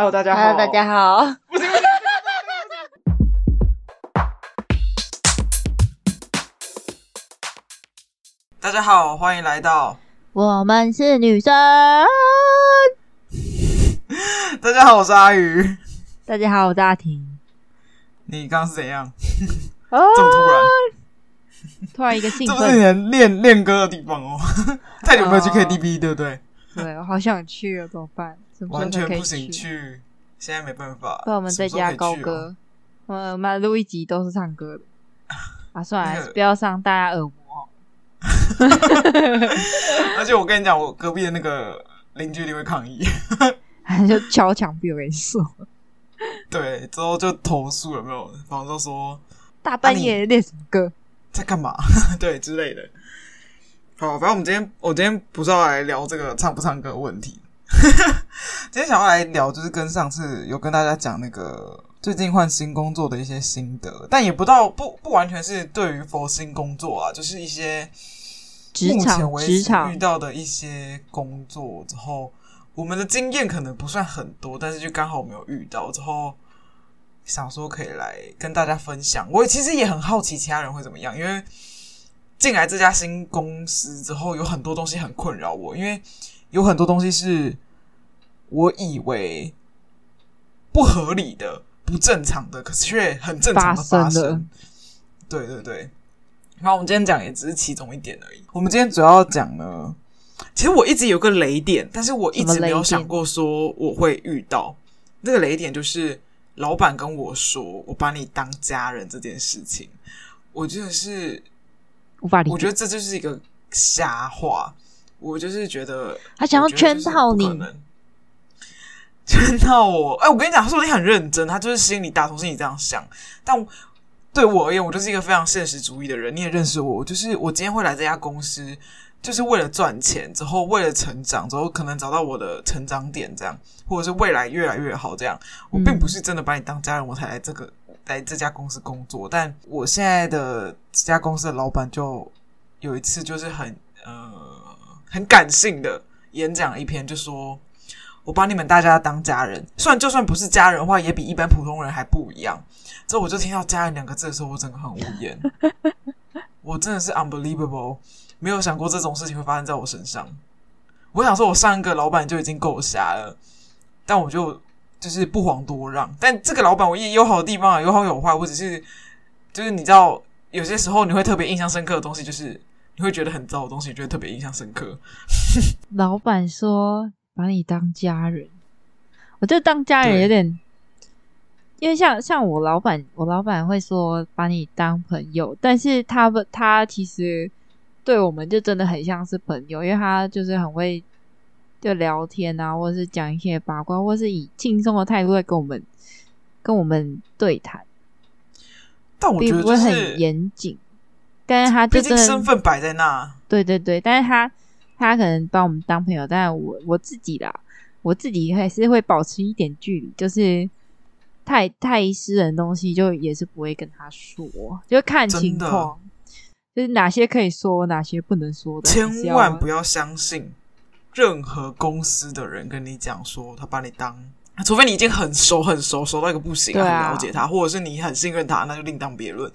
Hello，大家好。Hello，大家好。 大家好，歡迎來到我們是女生。 大家好，我是阿魚。 大家好，我是阿婷。 你剛剛是怎樣？ 這麼突然、 啊？突然一個興奮？ 這是你練練歌的地方哦。太 久、啊、 沒有去 KTV，對不對？對，我好想去， 怎麼辦？完全不行去，現在沒辦法。那我們在家高歌，啊、我們錄一集都是唱歌的 啊，算了，不要上大家耳膜哦。 而且我跟你講，我隔壁的那個鄰居會抗議， 就敲牆壁。我跟你說，對，之後就投訴有沒有？然後就說大半夜練、啊、你 什麼歌，在幹幹嘛？ 對之類的。好，反正我們今天，我今天不知道是要來聊這個唱不唱歌的問題。 今天想要來聊，就是跟上次有跟大家講那個最近換新工作的一些心得，但也不到不不完全是對於佛新工作啊，就是一些目前為止遇到的一些工作之後，我們的經驗可能不算很多，但是就剛好我沒有遇到之後，想說可以來跟大家分享。我其實也很好奇其他人會怎麼樣，因為進來這家新公司之後，有很多東西很困擾我，因為。有很多東西是我以為不合理的、不正常的，可是卻很正常的發生。發生。對對對，然後我們今天講也只是其中一點而已。我們今天主要講呢，嗯、其實我一直有個雷點，但是我一直沒有想過說我會遇到那個雷點，就是老板跟我說“我把你當家人”這件事情，我覺、就、得是無法理解，我覺得這就是一個瞎話。我就是覺得他想要圈套你，圈套我。哎、欸，我跟你講，他說你很認真，他就是心裡打從心裡這樣想。但我對我而言，我就是一個非常現實主義的人。你也認識我，就是我今天會來這家公司，就是為了賺錢，之後為了成長，之後可能找到我的成長點，這樣或者是未來越來越好，這樣。我並不是真的把你當家人，我才來這個來這家公司工作。但我現在的這家公司的老闆就有一次就是很呃。很感性的演講一篇，就說：“我把你們大家當家人，雖然就算不是家人的話，也比一般普通人還不一樣。”之後我就聽到“家人”兩個字的時候，我整個很無言。我真的是 unbelievable，沒有想過這種事情會發生在我身上。我想說，我上一個老板就已經夠瞎了，但我就就是不遑多讓。但這個老板我也有好的地方啊，有好有壞。我只是就是你知道，有些時候你會特別印象深刻的東西就是。你會覺得很糟的東西，覺得特別印象深刻。老闆說把你當家人，我就當家人有點，對因為像像我老闆，我老闆會說把你當朋友，但是他他其實對我們就真的很像是朋友，因為他就是很會就聊天啊，或者是講一些八卦，或是以輕鬆的態度來跟我們跟我們對談。但我覺得、就是、並不是很嚴謹。但是他就是身份擺在那，對對對，但是他他可能把我們當朋友，但是我我自己啦，我自己還是會保持一點距離，就是太太私人的東西就也是不會跟他說，就看情況，的就是哪些可以說，哪些不能說的，千萬不要相信任何公司的人跟你講說他把你當，除非你已經很熟很熟，熟到一個不行，啊，啊、了解他，或者是你很信任他，那就另當別論。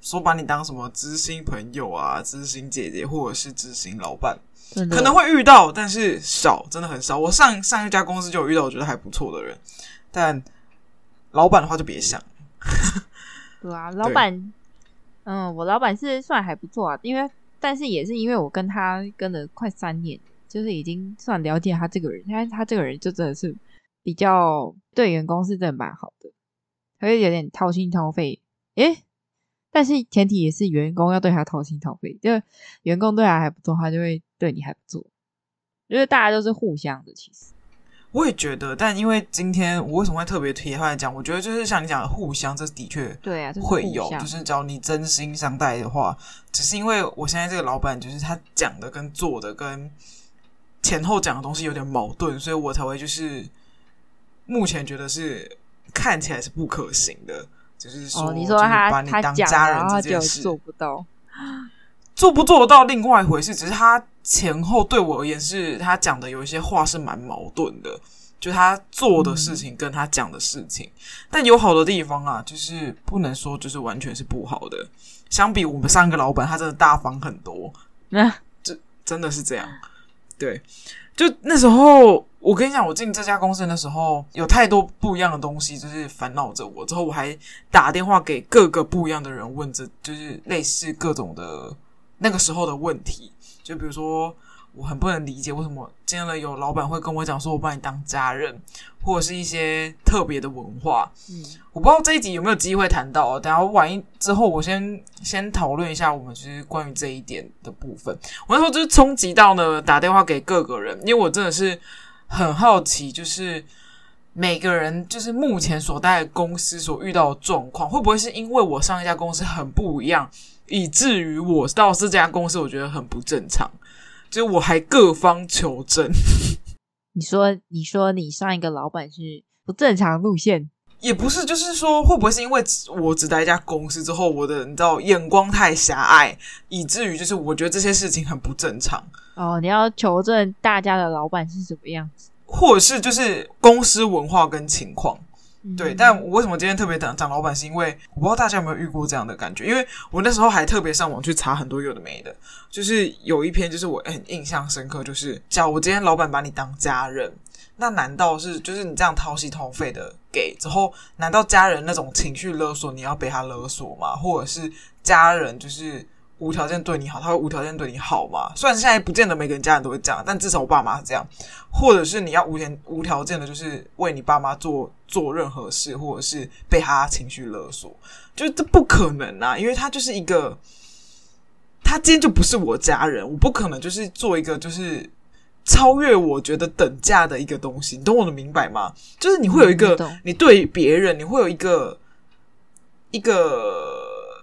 說把你當什麼知心朋友啊，知心姐姐或者是知心老闆，的可能會遇到，但是少，真的很少。我上上一家公司就有遇到，我覺得還不錯的人，但老闆的話就別想。嗯、 對啊，老闆，對嗯，我老闆是算還不錯啊，因為但是也是因為我跟他跟了快三年，就是已經算了解他這個人，因為他這個人就真的是比較對員工是真的蠻好的，而且有點掏心掏肺，誒、欸但是前提也是員工要對他掏心掏肺，就員工對他還不錯，他就會對你還不錯。因為大家都是互相的，其實我也覺得。但因為今天我為什麼會特別提他來講？我覺得就是像你講的，互相這的確對啊會有。啊、就是只要你真心相待的話，只是因為我現在這個老板，就是他講的跟做的跟前後講的東西有點矛盾，所以我才會就是目前覺得是看起來是不可行的。就是，說，就是把你當家人這件事做不到，做不做得到另外一回事。只是他前後對我而言是，他講的有一些話是蠻矛盾的，就他做的事情跟他講的事情。但有好的地方啊，就是不能說就是完全是不好的。相比我們上一個老闆，他真的大方很多，那這真的是這樣，對。就那時候，我跟你講，我進這家公司的時候，有太多不一樣的東西，就是煩惱着我。之後，我還打電話給各個不一樣的人問著，這就是類似各種的那個時候的問題，就比如說。我很不能理解為什麼今天呢？有老板會跟我講說，我把你當家人，或者是一些特別的文化，嗯，我不知道這一集有沒有機會談到。哦，等一下我完一之後，我先先討論一下我們其實關於這一點的部分。我那時候就是衝擊到呢，打電話給各個人，因為我真的是很好奇，就是每個人就是目前所在的公司所遇到的狀況，會不會是因為我上一家公司很不一樣，以至於我到這家公司我覺得很不正常。就我還各方求證，你說，你說，你上一個老闆是不正常的路線？也不是，就是說，會不會是因為我只待在一家公司之後，我的你知道眼光太狹隘，以至於就是我覺得這些事情很不正常。哦，你要求證大家的老闆是什麼樣子，或者是就是公司文化跟情況。對，但我為什麼今天特別講講老闆，是因為我不知道大家有沒有遇過這樣的感覺，因為我那時候還特別上網去查很多有的沒的，就是有一篇就是我很印象深刻，就是假如今天老闆把你當家人，那難道是就是你這樣掏心掏肺的給之後，難道家人那種情緒勒索你要被他勒索嗎？或者是家人就是？無條件對你好，他會無條件對你好嗎？雖然現在不見得每個人家人都會這樣，但至少我爸媽是這樣。或者是你要無條無條件的，就是為你爸媽做做任何事，或者是被他情緒勒索，就這不可能啊！因為他就是一個，他今天就不是我家人，我不可能就是做一個就是超越我覺得等價的一個東西，你懂我的明白嗎？就是你會有一個，嗯、你對別人你會有一個一個。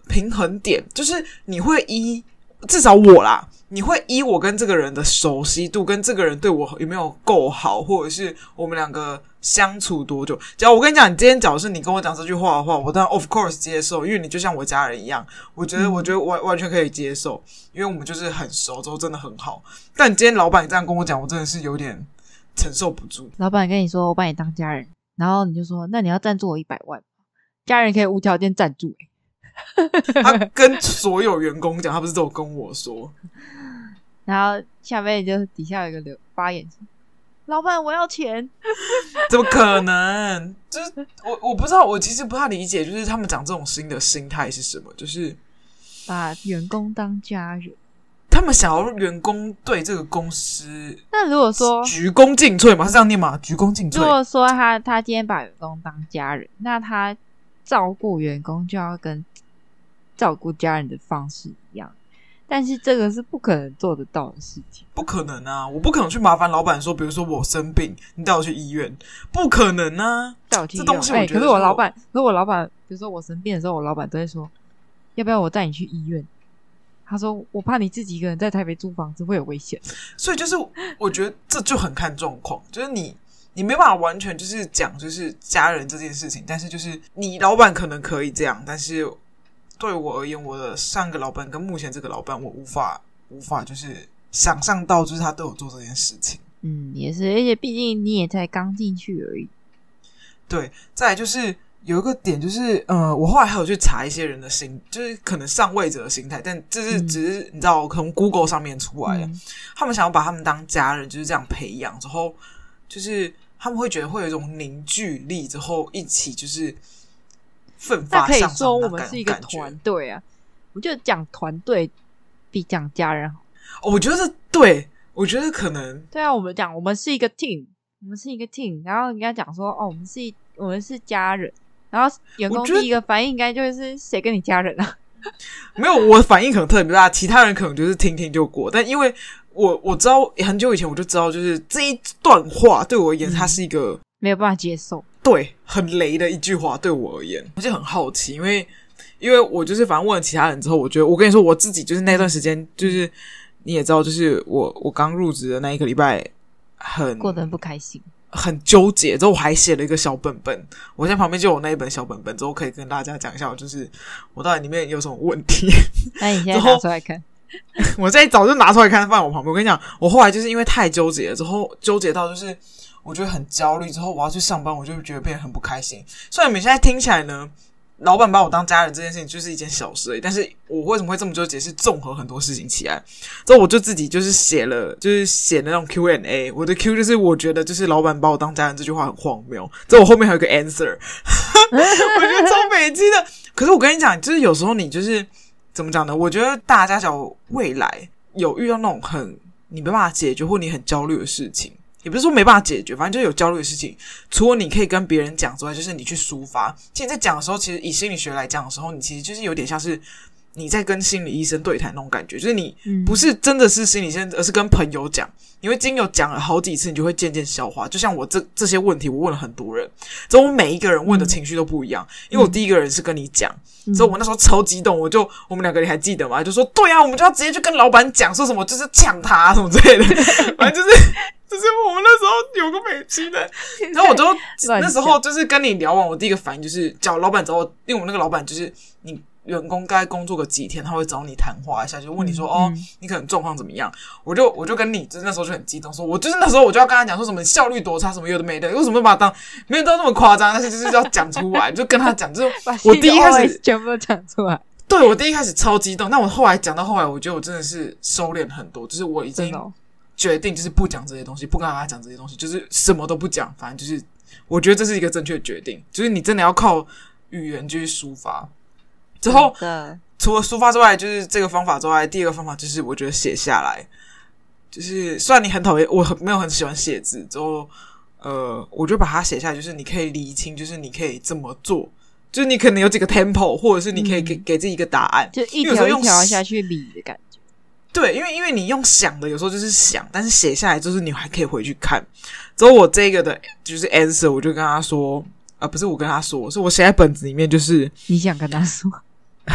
平衡點就是你會依至少我啦，你會依我跟這個人的熟悉度，跟這個人對我有沒有夠好，或者是我們兩個相處多久。只要我跟你講，你今天假如是你跟我講這句話的話，我當然 of course 接受，因為你就像我家人一樣，我覺得、嗯、我覺得完完全可以接受，因為我們就是很熟，之後真的很好。但今天老板這樣跟我講，我真的是有點承受不住。老板跟你說我把你當家人，然後你就說那你要贊助我一百萬，家人可以無條件贊助。 他跟所有員工講，他不是都跟我說。 然後下面就底下有一個留發言：老板，我要錢， 怎麼可能？就是我我不知道，我其實不太理解，就是他們講這種事情的心態是什麼，就是把員工當家人。他們想要員工對這個公司，嗯、那如果說鞠躬盡瘁嘛，是這樣念嗎？嗯、鞠躬盡瘁。如果說他他今天把員工當家人，那他。照顧員工就要跟照顧家人的方式一樣，但是這個是不可能做得到的事情。不可能啊！我不可能去麻煩老板說，比如說我生病，你帶我去醫院。不可能啊，這東西、欸、我覺得。可是我老板，如果老板比如說我生病的時候，我老板都會說，要不要我帶你去醫院？他說我怕你自己一個人在台北租房子會有危險。所以就是我覺得這就很看狀況， 就是你。你沒辦法完全就是講就是家人這件事情，但是就是你老闆可能可以這樣，但是對我而言，我的上個老闆跟目前這個老闆，我無法無法就是想象到就是他都有做這件事情。嗯，也是，而且畢竟你也才剛進去而已。對，再來就是有一個點就是，嗯、呃，我後來還有去查一些人的心，就是可能上位者的心態，但這是只是你知道，從 Google 上面出來的，嗯、他們想要把他們當家人就是這樣培養，之後就是。他們會覺得會有一種凝聚力，之後一起就是奮發向上那個感覺。那可以說我們是一個團隊啊，我覺得講團隊比講家人好。哦，我覺得是對，我覺得可能對啊。我們講我們是一個 team，我們是一個 team，然後人家講說哦，我們是一，我們是家人。然後員工第一個反應應該就是誰跟你家人啊？ 沒有，我的反應可能特別大，其他人可能就是聽聽就過。但因為我我知道很久以前我就知道，就是這一段話對我而言，它是一個沒有辦法接受，對，很雷的一句話。對我而言，我就很好奇，因為因為我就是反正問了其他人之後，我覺得我跟你說，我自己就是那段時間，嗯、就是你也知道，就是我我剛入職的那一個禮拜，很過得很不開心。很糾結，之後我還寫了一個小本本，我現在旁邊就有那一本小本本，之後可以跟大家講一下，就是我到底裡面有什麼問題。那你現在拿出來看？我一早就拿出來看，放在我旁邊。我跟你講，我後來就是因為太糾結了，之後糾結到就是我覺得很焦慮，之後我要去上班，我就覺得變得很不開心。所以你們現在聽起來呢？老闆把我當家人這件事情就是一件小事而已，但是我為什麼會這麼糾結？是綜合很多事情起來，這我就自己就是寫了，就是寫那種 Q&A。A, 我的 Q 就是我覺得就是老闆把我當家人這句話很荒謬，在我後面還有個 answer， 我覺得超委屈的。可是我跟你講，就是有時候你就是怎麼講呢？我覺得大家小未來有遇到那種很你沒辦法解決或你很焦慮的事情。也不是說沒辦法解決，反正就是有焦慮的事情。除了你可以跟別人講之外，就是你去抒發。其實你在講的時候，其實以心理學來講的時候，你其實就是有點像是你在跟心理醫生對談那種感覺，就是你不是真的是心理醫生，而是跟朋友講。因為經由講了好幾次，你就會漸漸消化。就像我這這些問題，我問了很多人，之後我每一個人問的情緒都不一樣。因為我第一個人是跟你講，嗯、所以我那時候超激動，我就我們兩個你還記得嗎？就說對啊，我們就要直接去跟老板講，說什麼就是嗆他、啊、什麼之類的，對 反正就是。 就是我們那時候有個北京的，然後我就那時候就是跟你聊完，我第一個反應就是叫老板找我，因為我們那個老板就是你員工，該工作個幾天，他會找你談話一下，就問你說、嗯、哦，你可能狀況怎麼樣？嗯、我就我就跟你，就是、那時候就很激動，說我就是那時候我就要跟他講說什麼效率多差，什麼有的沒的，為什麼把他當沒有到那麼誇張，但是就是要講出來， 就跟他講，就是、我第一開始全部都講出來， 對我第一開始超激動，但 我後來講到後來，我覺得我真的是收斂很多，就是我已經。決定就是不講這些東西，不跟他講這些東西，就是什麼都不講。反正就是，我覺得這是一個正確的決定。就是你真的要靠語言去抒發。之後，真的，除了抒發之外，就是這個方法之外，第二個方法就是，我覺得寫下來。就是，雖然你很討厭，我很沒有很喜歡寫字。之後，呃，我就把它寫下來。就是你可以理清，就是你可以這麼做。就是你可能有幾個 tempo，或者是你可以給、嗯、給自己一個答案。就一條一條下去理的感覺。對，因為因為你用想的，有時候就是想，但是寫下來就是你還可以回去看。之後我這個的就是 answer，我就跟他說啊、呃，不是我跟他說，是我寫在本子裡面。就是你想跟他說，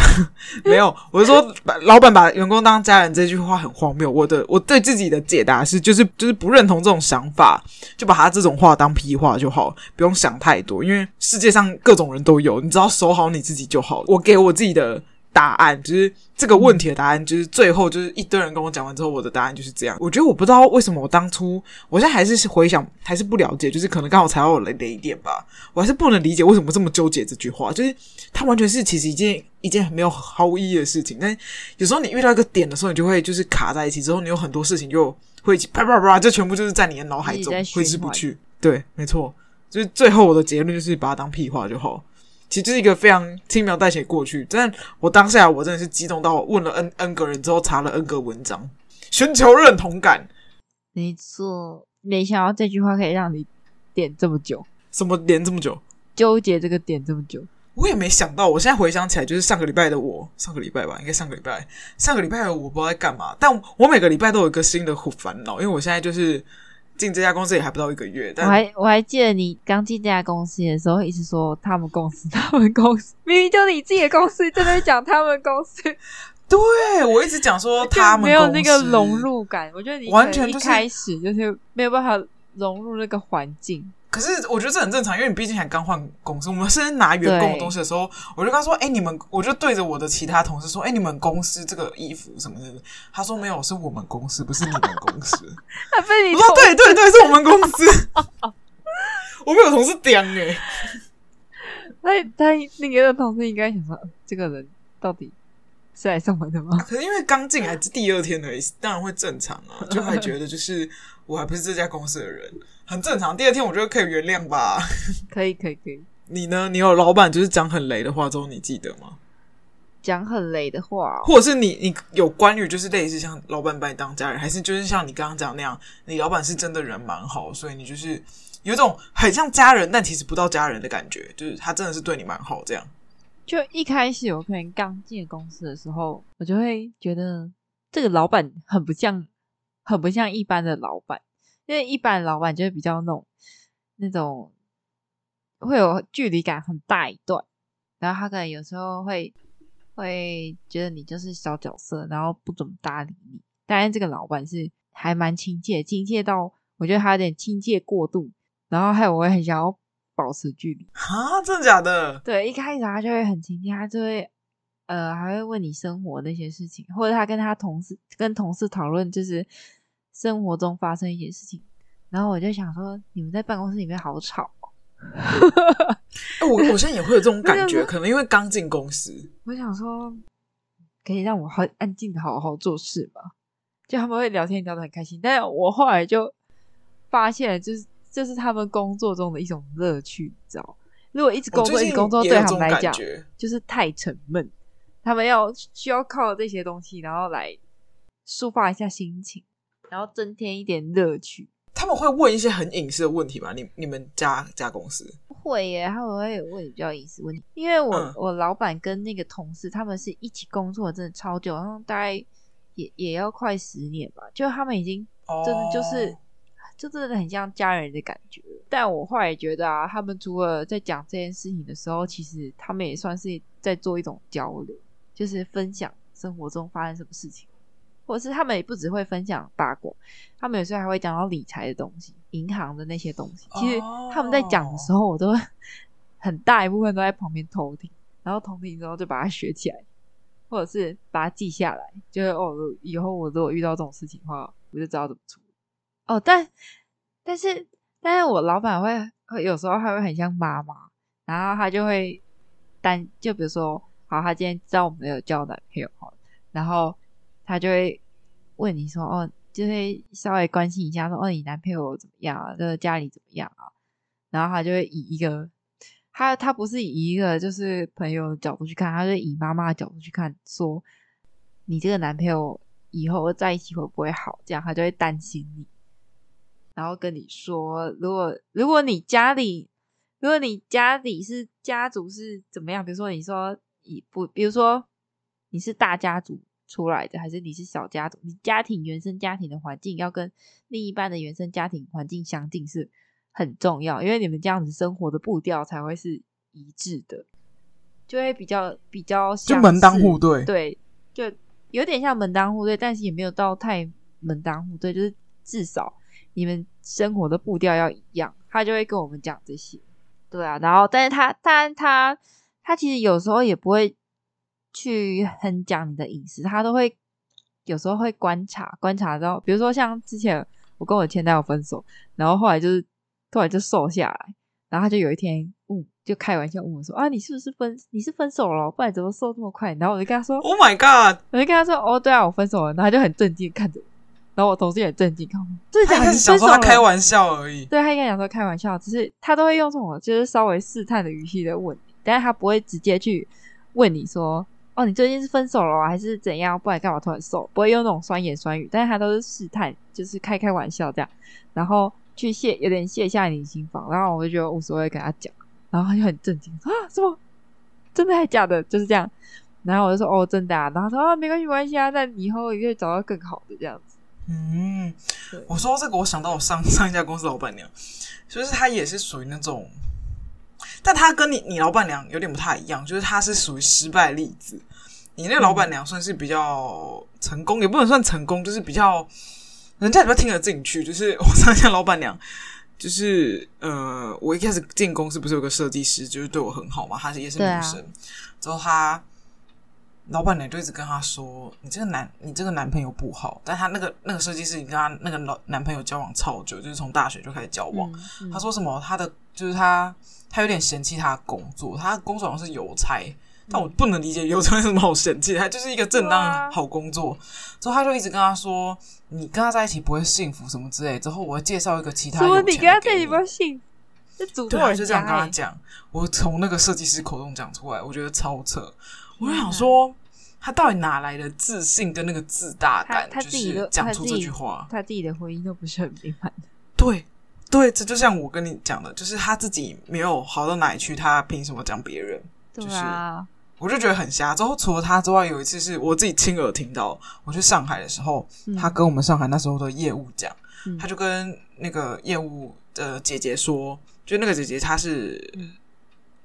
沒有，我就說老闆把，把員工當家人這句話很荒謬。我的我對自己的解答是，就是就是不認同這種想法，就把他這種話當屁話就好，不用想太多。因為世界上各種人都有，你只要守好你自己就好。我給我自己的。答案，就是這個問題的答案，嗯、就是最後就是一堆人跟我講完之後，我的答案就是這樣。我覺得我不知道為什麼我當初，我現在還是回想還是不了解，就是可能剛好踩到我的雷點吧，我還是不能理解為什麼這麼糾結這句話。就是它完全是其實一件一件很沒有毫無意義的事情，但有時候你遇到一個點的時候，你就會就是卡在一起，之後你有很多事情就會啪啪啪就全部就是在你的腦海中揮之不去。對，沒錯，就是最後我的結論就是把它當屁話就好。其實就是一個非常輕描淡寫過去，但我當下我真的是激動到問了 n n 個人之後查了 n 個文章，尋求認同感。沒錯，沒想到這句話可以讓你點這麼久，什麼點這麼久？糾結這個點這麼久，我也沒想到。我現在回想起來，就是上個禮拜的我，上個禮拜吧，應該上個禮拜，上個禮拜我，我不知道在幹嘛，但我，我每個禮拜都有一個新的煩惱，因為我現在就是。進這家公司也還不到一個月，但我還我還記得你剛進這家公司的時候，一直說他們公司，他們公司明明就你自己的公司，正在講他們公司。 對我一直講說他們公司沒有那個融入感，就是、我覺得你完全一開始就是沒有辦法融入那個環境。可是我覺得這很正常，因為你畢竟還剛換公司。我們是拿員工東西的時候，對我就跟他說：“哎、欸，你們……”我就對着我的其他同事說：“哎、欸，你們公司這個衣服什麼的。”他說：“沒有，是我們公司，不是你們公司。 被你”他說：“ 對對對，是我們公司。” 我們有同事叼哎、欸，他他那個同事應該想說：“這個人到底是來上班的嗎、啊？”可是因為剛進來第二天而已， 當然會正常啊，就還覺得就是我還不是這家公司的人。很正常，第二天我覺得可以原諒吧。 可以，可以，可以。你呢？你有老闆就是講很雷的話之後，你記得嗎？講很雷的話哦。或者是你你有關於就是類似像老闆把你當家人，還是就是像你剛剛講那樣，你老闆是真的人蠻好，所以你就是有一種很像家人，但其實不到家人的感覺，就是他真的是對你蠻好這樣。就一開始我可能剛進公司的時候，我就會覺得這個老闆很不像，很不像一般的老闆。因為一般老闆就比較那種，那種會有距離感很大一段，然後他可能有時候會會覺得你就是小角色，然後不怎麼搭理你。但是這個老闆是還蠻親切，親切到我覺得他有點親切過度，然後還有我很想要保持距離。哈，真的假的？對，一開始他就會很親切，他就會呃還會問你生活那些事情，或者他跟他同事跟同事討論就是。生活中發生一些事情，然後我就想說，你們在辦公室裡面好吵。哎， 我我現在也會有這種感覺， 說可能因為剛進公司，我想說可以讓我很安靜的好好做事吧。就他們會聊天，聊得很開心，但是我後來就發現，就是，就是這是他們工作中的一種樂趣，你知道。如果一直工作，一直工作，對他們來講就是太沉悶，他們要需要靠這些東西，然後來抒發一下心情。然後增添一點樂趣。他們會問一些很隱私的問題嗎？你你們家家公司不會耶，他們會有問比較隱私問題。因為我、嗯、我老闆跟那個同事，他們是一起工作，真的超久，然後大概也也要快十年吧。就他們已經真的就是，oh. 就真的很像家人的感覺。但我後來也覺得啊，他們除了在講這件事情的時候，其實他們也算是在做一種交流，就是分享生活中發生什麼事情。或是他們也不只會分享八卦，他們有時候還會講到理財的東西、銀行的那些東西。其實他們在講的時候，oh. 我都很大一部分都在旁邊偷聽，然後偷聽之後就把它學起來，或者是把它記下來，就是哦，以後我如果遇到這種事情的話，我就知道怎麼處理。哦，但但是但是我老板會，會有時候他會很像媽媽，然後他就會單，就比如說，好，他今天知道我沒有交男朋友，然後。他就會問你說：“哦，就會稍微關心一下說，說哦，你男朋友怎麼樣啊？這個家裡怎麼樣啊？”然後他就會以一個他他不是以一個就是朋友的角度去看，他是以媽媽的角度去看，說你這個男朋友以後在一起會不會好？這樣他就會擔心你，然後跟你說：“如果如果你家裡，如果你家裡是家族是怎麼樣？比如說，你說你不，比如說你是大家族。”出來的還是你是小家族，你家庭原生家庭的環境要跟另一半的原生家庭環境相近是很重要，因為你們這樣子生活的步調才會是一致的，就會比較比較像就門當戶對，對，就有點像門當戶對，但是也沒有到太門當戶對，就是至少你們生活的步調要一樣，他就會跟我們講這些，對啊，然後但是他但他他，他，他其實有時候也不會。去很講你的隱私，他都會有時候會觀察，觀察到後，比如說像之前我跟我前男友分手，然後後來就是突然就瘦下來，然後他就有一天嗯，就開玩笑問我說：“啊，你是不是分？你是分手了、哦？不然怎麼瘦這麼快？”然後我就跟他說：“Oh my god！” 我就跟他說：“哦，對啊，我分手了。”然後他就很震驚看着我，然後我同事也震驚看着我，對，他很想說他開玩笑而已，嗯、對他應該想說開玩笑，只是他都會用這種，就是稍微試探的語氣在問你，但是他不會直接去問你說。哦，你最近是分手了還是怎樣？不然幹嘛突然瘦？不會用那種酸言酸語，但是他都是試探，就是開開玩笑這樣，然後去卸，有點卸下你心防，然後我就覺得無所謂跟他講，然後他就很震驚啊，什麼？真的還是假的？就是這樣，然後我就說哦，真的啊，然後他說啊，沒關係，沒關係啊，但以後也會找到更好的這樣子。嗯，對我說這個，我想到我上上一家公司老闆娘，就是他也是屬於那種。但他跟你你老闆娘有點不太一樣，就是他是屬於失敗例子，你那個老闆娘算是比較成功，嗯、也不能算成功，就是比較人家也比較聽得進去。就是我上一下老闆娘，就是呃，我一開始進公司不是有個設計師，就是對我很好嘛，她是也是女生，啊、之後她。老闆娘就一直跟他說：“你這個男，你這個男朋友不好。”但他那個那個設計師跟他那個老男朋友交往超久，就是從大學就開始交往。嗯嗯、他說什麼？他的就是他，他有點嫌棄他的工作，他工作好像是郵差。嗯、但我不能理解郵差有什麼好嫌棄，他就是一個正當好工作。啊、之後他就一直跟他說：“你跟他在一起不會幸福什麼之類。”之後我介紹一個其他的，什麼你跟他在一起不幸福？對就是主播就這樣跟他講。我從、欸、那個設計師口中講出來，我覺得超扯。啊、我想說，他到底哪來的自信跟那個自大感？就是講出這句話他，他自己的婚姻都不是很平凡。對，對，這就像我跟你講的，就是他自己沒有好到哪裡去，他憑什麼講別人？對啊、就是，我就覺得很瞎。之後除了他之外，有一次是我自己親耳聽到，我去上海的時候，嗯、他跟我們上海那時候的業務講，嗯嗯、他就跟那個業務的姐姐說，就那個姐姐她是。嗯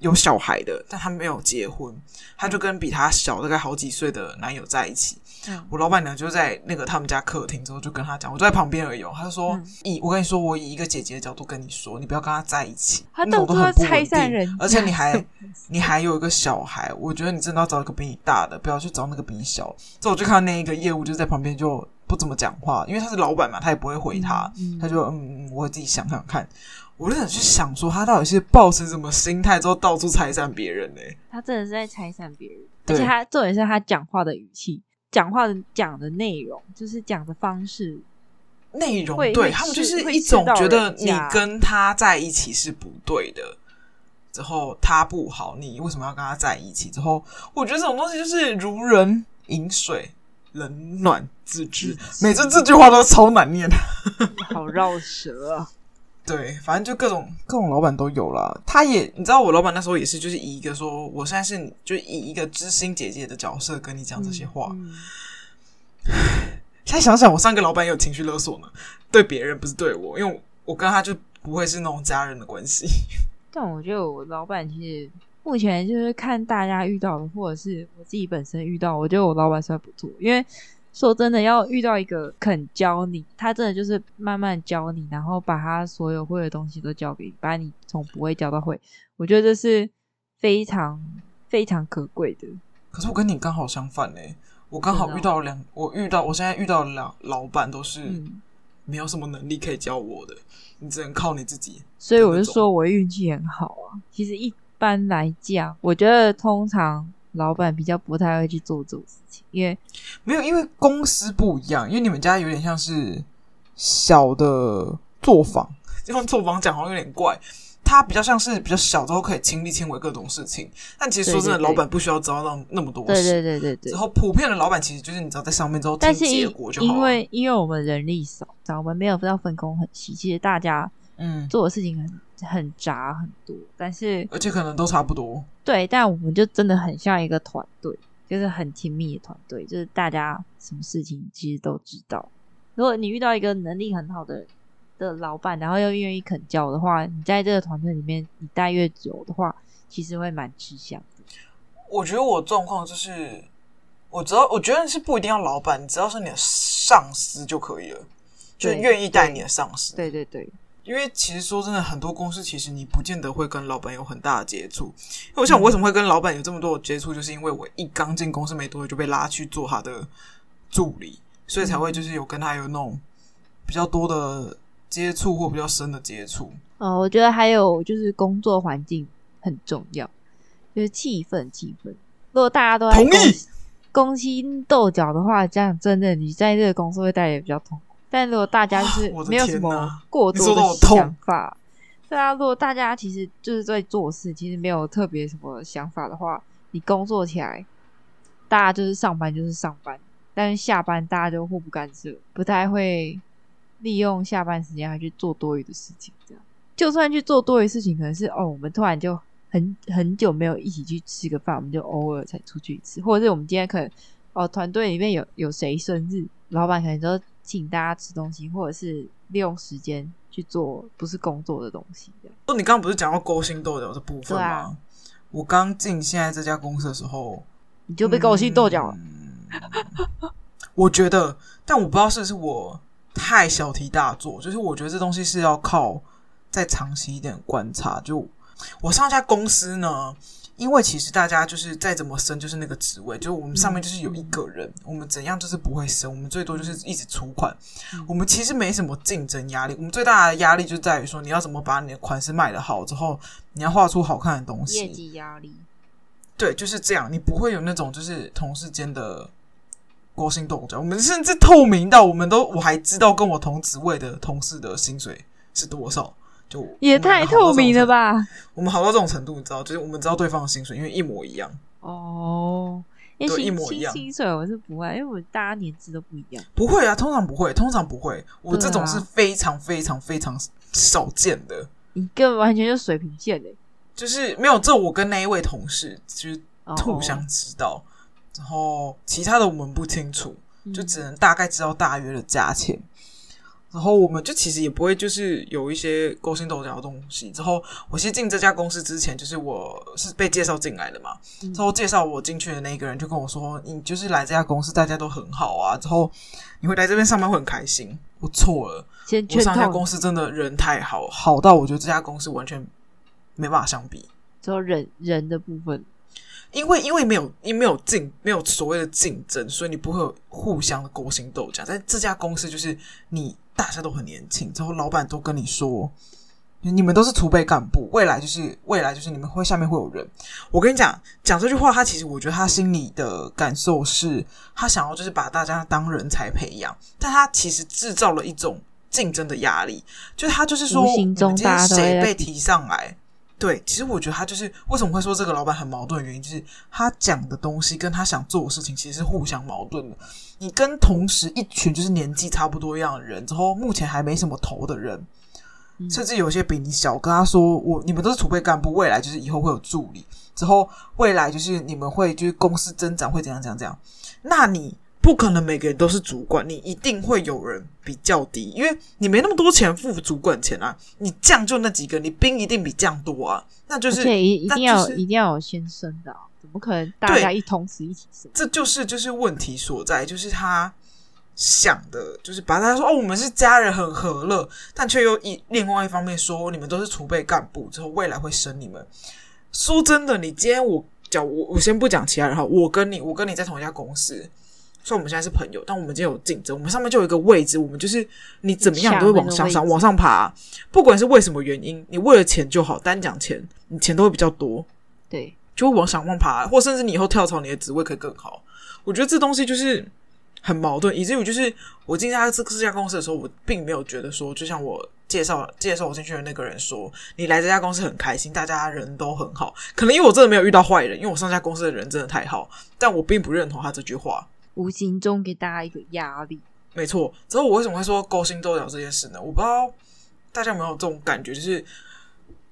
有小孩的，但他沒有結婚，他就跟比他小大概好幾歲的男友在一起。嗯、我老闆娘就在那個他們家客廳，之後就跟他講，我就在旁邊而已。他說：“嗯、以我跟你說，我以一個姐姐的角度跟你說，你不要跟他在一起，他動那我都很不穩定拆散人家。而且你還是不是你還有一個小孩，我覺得你真的要找一個比你大的，不要去找那個比你小。”之後我就看到那一個業務就在旁邊就不怎麼講話，因為他是老闆嘛，他也不會回他。嗯、他就嗯，我自己想想，想看。我真的去想說，他到底是抱持什麼心態，之後到處拆散別人呢、欸？他真的是在拆散別人，對而且他重也是他講話的語氣、講話的講的內容，就是講的方式、內容。會對他們就是一種覺得你跟，你跟他在一起是不對的，之後他不好，你為什麼要跟他在一起？之後，我覺得這種東西就是如人飲水，冷暖自知。自至每次這句話都超難念，好繞舌啊！ 對，反正就各種各種老闆都有啦。他也，你知道我老闆那時候也是，就是以一個說我現在是就以一個知心姐姐的角色跟你講這些話。現在、嗯嗯、想想，我上個老闆也有情緒勒索呢，對別人不是對我，因為我，我跟他就不會是那種家人的關係。但我覺得我老闆其實目前就是看大家遇到的，或者是我自己本身遇到，我覺得我老闆算不錯，因為。說真的，要遇到一個肯教你，他真的就是慢慢教你，然後把他所有會的東西都教給你，把你從不會教到會，我覺得這是非常非常可貴的。可是我跟你剛好相反哎、欸，我剛好遇到兩，我，我遇到，我現在遇到兩老，老板都是沒有什麼能力可以教我的，你只能靠你自己。所以我就說我運氣很好啊。其實一般來講，我覺得通常。老闆比較不太會去做這種事情，因為沒有，因為公司不一樣。因為你們家有點像是小的作坊，嗯，用作坊講好像有點怪。他比較像是比較小，之後可以親力親為各種事情。但其實說真的，對對對老闆不需要招到那麼多事。對對對對對。然後普遍的老闆其實就是你只要在上面之後聽但是，但結果就好，因為因為我們人力少，我們沒有不知道分工很細。其實大家嗯做的事情很。嗯很雜很多，但是而且可能都差不多。對，但我們就真的很像一個團隊，就是很親密的團隊，就是大家什麼事情其實都知道。如果你遇到一個能力很好的的老闆，然後又願意肯教的話，你在這個團隊裡面你待越久的話，其實會蠻吃香的。我覺得我狀況就是，我知道，我覺得是不一定要老闆，只要是你的上司就可以了，對就願意帶你的上司。對對對。對對對因為其實說真的，很多公司其實你不見得會跟老闆有很大的接觸。因為我想，我為什麼會跟老闆有這麼多的接觸，嗯、就是因為我一剛進公司沒多久就被拉去做他的助理，所以才會就是有跟他有那種比較多的接觸或比較深的接觸，嗯。哦，我覺得還有就是工作環境很重要，就是氣氛，氣氛。如果大家都同意勾心鬥角的話，這樣真的你在這個公司會待也比較痛苦。但如果大家就是沒有什麼過多的想法，對啊，如果大家其實就是在做事，其實沒有特別什麼想法的話，你工作起來，大家就是上班就是上班，但是下班大家就互不干涉，不太會利用下班時間還去做多餘的事情。這樣，就算去做多餘事情，可能是哦，我們突然就很很久沒有一起去吃個飯，我們就偶爾才出去一次，或者是我們今天可能哦，團隊裡面有有誰生日，老闆可能說。請大家吃東西，或者是利用時間去做不是工作的東西。你剛剛不是講到勾心鬥角的部分嗎？啊、我剛進現在這家公司的時候，你就被勾心鬥角了。嗯、 我覺得，但我不知道是不是我太小題大做。就是我覺得這東西是要靠再長期一點觀察。就我上一家公司呢。因為其實大家就是再怎麼升，就是那個職位，就是我們上面就是有一個人，嗯、我們怎樣就是不會升，我們最多就是一直出款，我們其實沒什麼競爭壓力，我們最大的壓力就在於說，你要怎麼把你的款式賣得好之後，你要畫出好看的東西。業績壓力。對，就是這樣，你不會有那種就是同事間的勾心鬥角，我們甚至透明到我們都我還知道跟我同職位的同事的薪水是多少。也太透明了吧我！我們好到這種程度，你知道，就是我們知道對方的薪水，因為一模一樣。哦，對，一模一樣薪水我是不會，因為我大家年紀都不一樣。不會啊，通常不會，通常不會。我這種是非常非常非常少見的，一個、啊、完全就水平線的、欸，就是沒有，這我跟那一位同事就互、是、相知道，哦、然後其他的我們不清楚，就只能大概知道大約的價錢。嗯然後我們就其實也不會就是有一些勾心鬥角的東西。之後，我其實進這家公司之前，就是我是被介紹進來的嘛。嗯。之後介紹我進去的那一個人就跟我說：“你就是來這家公司，大家都很好啊。”之後你會來這邊上班會很開心。我錯了，先我上家公司真的人太好，好到我覺得這家公司完全沒辦法相比。之後人人的部分，因為因為沒有因為沒有競沒有所謂的競爭，所以你不會有互相的勾心鬥角。但這家公司就是你。大家都很年輕，之後老闆都跟你說，你們都是儲備幹部，未來就是未來就是你們會下面會有人。我跟你講講這句話，他其實我覺得他心裡的感受是，他想要就是把大家當人才培養，但他其實製造了一種競爭的壓力，就他就是說人家今天誰被提上來，對，其實我覺得他就是為什麼會說這個老闆很矛盾的原因，就是他講的東西跟他想做的事情其實是互相矛盾的。你跟同時一群就是年紀差不多一樣的人之後，目前還沒什麼頭的人，嗯、甚至有些比你小，跟他說：“我你們都是儲備幹部，未來就是以後會有助理，之後未來就是你們會就是公司增長會怎樣怎樣怎樣。”那你。不可能每個人都是主管，你一定會有人比較低，因為你沒那麼多錢付主管錢啊。你將就那幾個，你兵一定比將多啊。那就是一定要，就是，一定要有先升的，哦，怎麼可能大家一同時一起升對？這就是就是問題所在，就是他想的就是把他說哦，我們是家人很和樂，但卻又一另外一方面說，你們都是儲備幹部，之後未來會升你們。說真的，你今天我講我我先不講其他人，人哈，我跟你我跟你在同一家公司。所以我們現在是朋友，但我們今天有競爭。我們上面就有一個位置，我們就是你怎麼樣，都會往上上往上爬啊。不管是為什麼原因，你為了錢就好，單講錢，你錢都會比較多，對，就會往上往上爬啊，或甚至你以後跳槽，你的職位可以更好。我覺得這東西就是很矛盾。以至於就是我進家這這家公司的時候，我並沒有覺得說，就像我介紹介紹我進去的那個人說，你來這家公司很開心，大家人都很好。可能因為我真的沒有遇到壞人，因為我上家公司的人真的太好，但我並不認同他這句話。無形中給大家一個壓力，沒錯。之後我為什麼會說勾心鬥角這件事呢？我不知道大家有沒有這種感覺，就是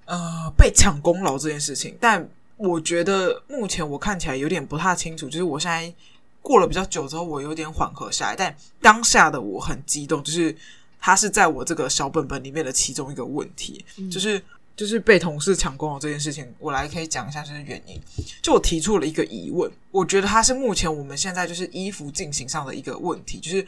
呃被搶功勞這件事情。但我覺得目前我看起來有點不太清楚，就是我現在過了比較久之後，我有點緩和下來。但當下的我很激動，就是它是在我這個小本本裡面的其中一個問題，嗯、就是。就是被同事搶光了這件事情，我來可以講一下這是原因。就我提出了一個疑問，我覺得它是目前我們現在就是衣服進行上的一個問題。就是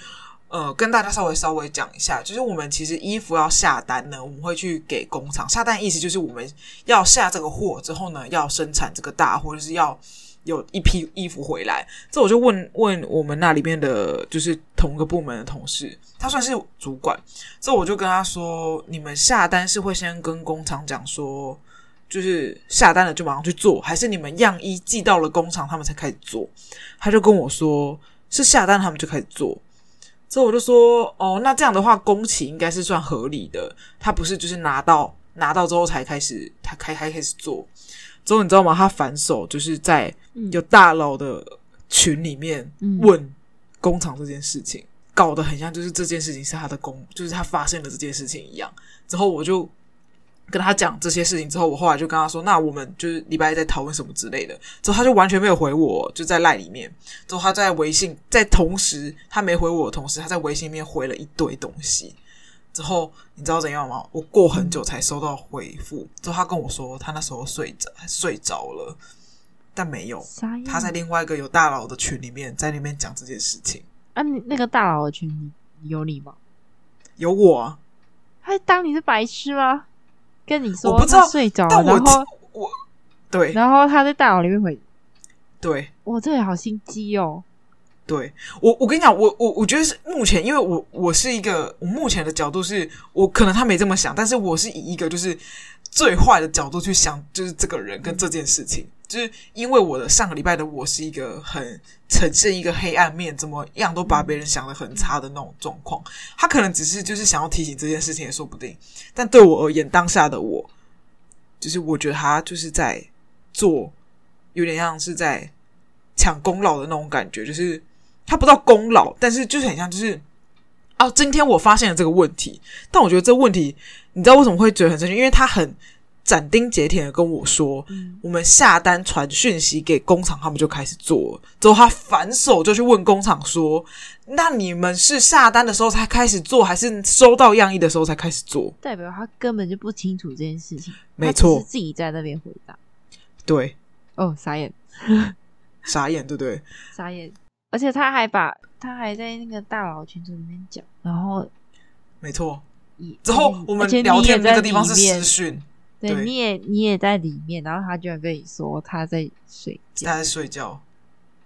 呃，跟大家稍微稍微講一下，就是我們其實衣服要下單呢，我們會去給工廠下單，意思就是我們要下這個貨之後呢，要生產這個大貨，就是要。有一批衣服回來，這我就問問我們那裡面的，就是同一個部門的同事，他算是主管。這我就跟他說：“你們下單是會先跟工廠講說，就是下單了就馬上去做，還是你們樣衣寄到了工廠，他們才開始做？”他就跟我說：“是下單他們就開始做。”這我就說：“哦，那這樣的話工期應該是算合理的，他不是就是拿到拿到之後才開始，他開，還，還，還開始做。”之後你知道嗎？他反手就是在有大佬的群裡面問工廠這件事情，嗯、搞得很像就是這件事情是他的功，就是他發現了這件事情一樣。之後我就跟他講這些事情，之後我後來就跟他說：“那我們就是禮拜一再討論什麼之類的。”之後他就完全沒有回我，就在賴裡面。之後他在微信，在同時他沒回我的同時，他在微信裡面回了一堆東西。之後你知道怎樣嗎？我過很久才收到回復，嗯、之後他跟我說他那時候睡着睡着了，但沒有，傻眼，他在另外一個有大佬的群裡面在裡面講這件事情啊。你那個大佬的群有你嗎？有我。啊，他當你是白痴嗎？跟你說我不知道睡着，我然後我對，然後他在大佬裡面回，對，哇，這也好心機哦。對，我我跟你講，我我我覺得是目前，因為我我是一個，我目前的角度是我可能他沒這麼想，但是我是以一個就是最壞的角度去想，就是這個人跟這件事情，就是因為我的上個禮拜的我是一個很呈現一個黑暗面，怎麼樣都把別人想的很差的那種狀況，他可能只是就是想要提醒這件事情也說不定，但對我而言，當下的我，就是我覺得他就是在做有點像是在搶功勞的那種感覺，就是。他不知道功勞，但是就是很像，就是哦、啊，今天我發現了這個問題。但我覺得這問題，你知道為什麼會覺得很正確？因為他很斬釘截鐵的跟我說，嗯、我們下單傳訊息給工廠，他們就開始做了。之後他反手就去問工廠說：“那你們是下單的時候才開始做，還是收到樣衣的時候才開始做？”代表他根本就不清楚這件事情。沒錯，他是自己在那邊回答。對，哦，oh, 傻眼， 傻眼，對不對，對？傻眼。而且他還把他還在那個大佬群組裡面講，然後沒錯，之後我們聊天那個地方是私訊，對，對你也你也在裡面，然後他居然跟你說他在睡覺，他在睡覺，他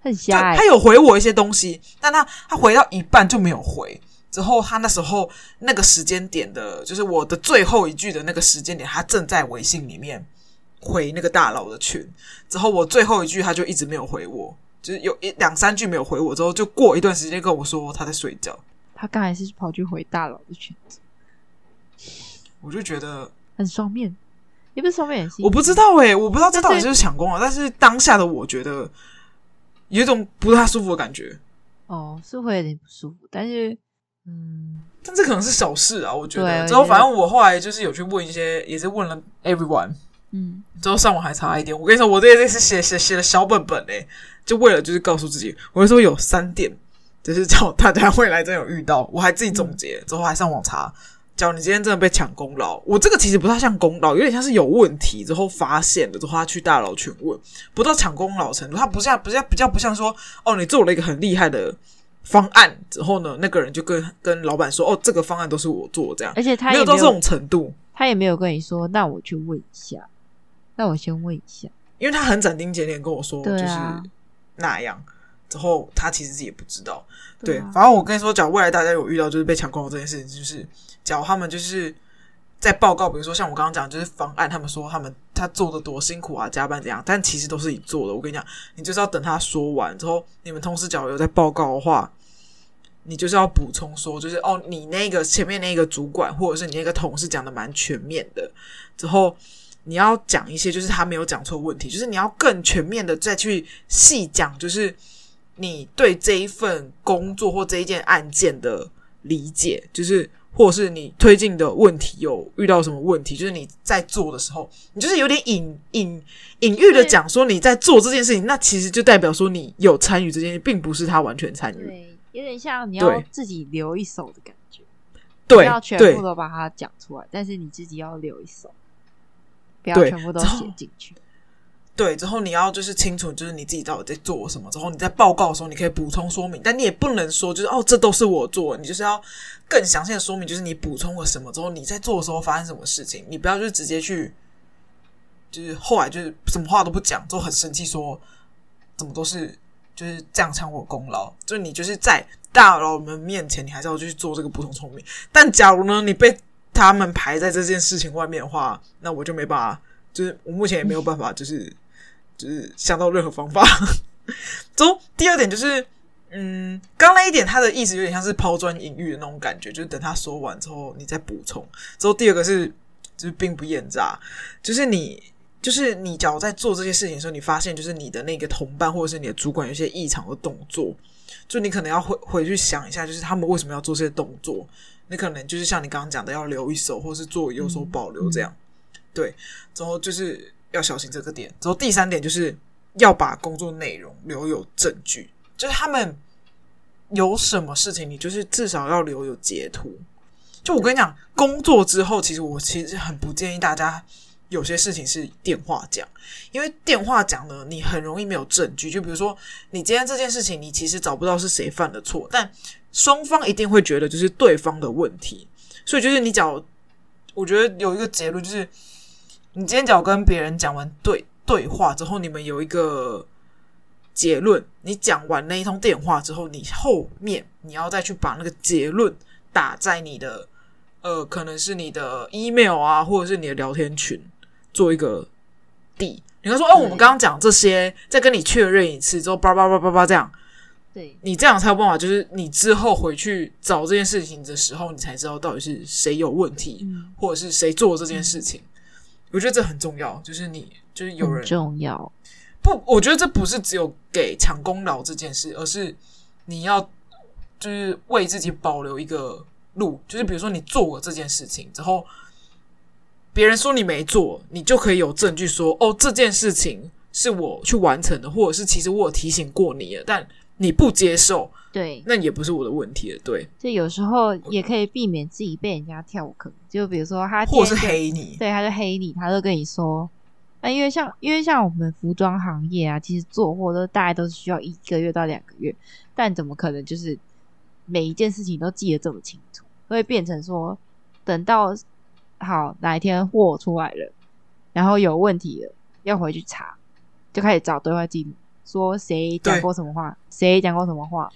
很瞎，他有回我一些東西，但他他回到一半就沒有回。之後他那時候那個時間點的，就是我的最後一句的那個時間點，他正在微信裡面回那個大佬的群，之後我最後一句他就一直沒有回我。就是有一兩三句沒有回我，之後就過一段時間跟我說他在睡覺。他剛才是跑去回大佬的圈子，我就覺得很雙面，也不是雙面、面。我不知道哎、欸，哦、我不知道這到底就是搶功啊。但是當下的我覺得有一種不太舒服的感覺。哦，是會有點不舒服，但是嗯，但這可能是小事啊。我覺得、啊、之後反正我後來就是有去問一些，也是問了 everyone，嗯，之後上網還差一點。我跟你說，我這些是寫寫寫了小本本哎、欸。就為了就是告訴自己，我就說有三點，就是叫大家未來真有遇到，我還自己總結、嗯、之後還上網查，叫你今天真的被搶功勞，我這個其實不太像功勞，有點像是有問題之後發現的，之後他去大佬群問，不到搶功勞程度，他不像不像，比較，比較不像說哦，你做了一個很厲害的方案之後呢，那個人就跟跟老板說哦，這個方案都是我做這樣，而且他也沒有，沒有到這種程度，他也沒有跟你說那我去問一下，那我先問一下，因為他很斬釘截鐵跟我說，就是、啊。那樣，之後他其實自己也不知道。對，對啊、反正我跟你說，假如未來大家有遇到就是被搶功勞這件事情，就是假如他們就是在報告，比如說像我剛剛講，就是方案，他們說他們他做的多辛苦啊，加班怎樣，但其實都是你做的。我跟你講，你就是要等他說完之後，你們同事假如有在報告的話，你就是要補充說，就是哦，你那個前面那個主管或者是你那個同事講的蠻全面的，之後。你要講一些，就是他沒有講錯問題，就是你要更全面的再去細講，就是你對這一份工作或這一件案件的理解，就是或是你推進的問題有遇到什麼問題，就是你在做的時候，你就是有點隱隱隱喻的講說你在做這件事情，對那其實就代表說你有參與這件事情，並不是他完全參與，有點像你要自己留一手的感覺，對，對，你要全部都把它講出來，對但是你自己要留一手。全部都寫進去對，之後，對，之後你要就是清楚，就是你自己到底在做什麼。之後你在報告的時候，你可以補充說明，但你也不能說就是哦，這都是我做。你就是要更詳細的說明，就是你補充了什麼之後，你在做的時候發生什麼事情。你不要就是直接去，就是後來就是什麼話都不講，之後很生氣說怎麼都是就是這樣搶我功勞。就是你就是在大佬們面前，你還是要去做這個補充說明。但假如呢，你被他們排在這件事情外面的話，那我就沒辦法，就是我目前也沒有辦法，就是就是想到任何方法。之 後第二點就是，嗯，剛那一點他的意思有點像是拋磚引玉的那種感覺，就是等他說完之後你再補充。之後第二個是，就是兵不厭詐，就是你就是你，只要在做這些事情的時候，你發現就是你的那個同伴或者是你的主管有些異常的動作，就你可能要回回去想一下，就是他們為什麼要做這些動作。你可能就是像你剛剛講的，要留一手，或是做有所保留這樣，對。然後就是要小心這個點。然後第三點就是要把工作內容留有證據，就是他們有什麼事情，你就是至少要留有截圖。就我跟你講，工作之後，其實我其實很不建議大家有些事情是電話講，因為電話講呢，你很容易沒有證據。就比如說，你今天這件事情，你其實找不到是誰犯的錯，但。雙方一定會覺得就是對方的問題，所以就是你只要，我覺得有一個結論就是，你今天講跟別人講完對對話之後，你們有一個結論。你講完那一通電話之後，你後面你要再去把那個結論打在你的呃，可能是你的 email 啊，或者是你的聊天群做一個底。你可以說，哦，嗯、我們剛剛講這些，再跟你確認一次之後，叭叭叭叭叭這樣。你這樣才有辦法，就是你之後回去找這件事情的時候，你才知道到底是誰有問題，嗯、或者是誰做這件事情。嗯、我覺得這很重要，就是你就是有人重要不？我覺得這不是只有給搶功勞這件事，而是你要就是為自己保留一個路，就是比如說你做過這件事情之後，別人說你沒做，你就可以有證據說哦，這件事情是我去完成的，或者是其實我有提醒過你了，但。你不接受，對，那也不是我的問題了，對。就有時候也可以避免自己被人家跳坑，就比如說他或是黑你，對，他就黑你，他就跟你說。那因為像因為像我們服裝行業啊，其實做貨都大概都是需要一個月到兩個月，但怎麼可能就是每一件事情都記得這麼清楚？會變成說，等到好哪一天貨出來了，然後有問題了，要回去查，就開始找對話記錄。說誰講過什麼話，誰講對過什麼話，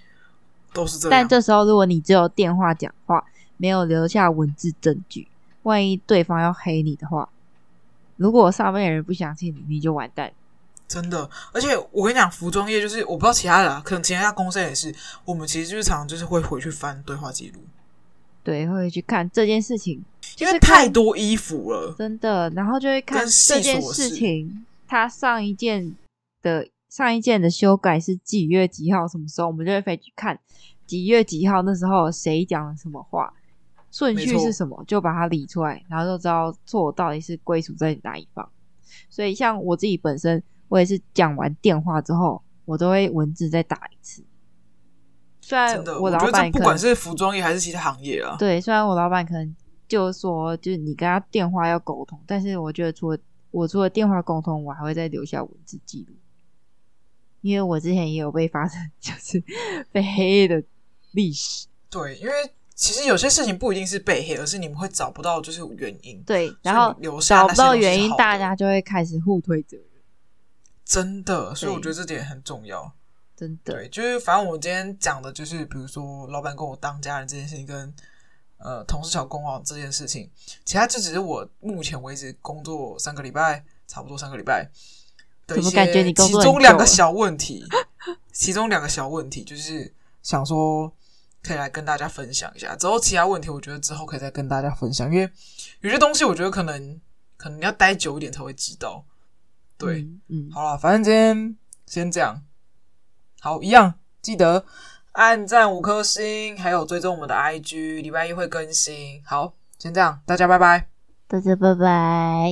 都是這樣。但這時候，如果你只有電話講話，沒有留下文字證據，萬一對方要黑你的話，如果上面有人不相信你，你就完蛋。真的，而且我跟你講，服裝業就是，我不知道其他的啦，可能其他公司也是。我們其實就是常常就是會回去翻對話記錄，對，會去看這件事情，就是、因為太多衣服了，真的。然後就會看這件事情，他上一件的。上一件的修改是幾月幾號？什麼時候我們就會飛去看幾月幾號？那時候誰講了什麼話？順序是什麼？沒錯。就把它理出來，然後就知道錯到底是歸屬在哪一方。所以，像我自己本身，我也是講完電話之後，我都會文字再打一次。雖然我老板不管是服裝業還是其他行業啊，對，雖然我老板可能就說就是你跟他電話要溝通，但是我覺得，除了我除了電話溝通，我還會再留下文字記錄。因為我之前也有被發生，就是被黑的歷史。對，因為其實有些事情不一定是被黑，而是你們會找不到就是原因。對，然後找不到原因，大家就會開始互推責任。真的，所以我覺得這點很重要。真的，對，就是反正我今天講的就是，比如說老闆跟我當家人這件事情，跟呃同事小公啊這件事情，其他這只是我目前為止工作三個禮拜，差不多三個禮拜。怎麼感覺你其中兩個小問題，其中兩個小問題就是想說可以來跟大家分享一下。之後其他問題，我覺得之後可以再跟大家分享，因為有些東西我覺得可能可能要待久一點才會知道。對，嗯，嗯好了，反正今天先這樣。好，一樣記得按讚五顆星，還有追蹤我們的 IG，禮拜一會更新。好，先這樣，大家拜拜，大家拜拜。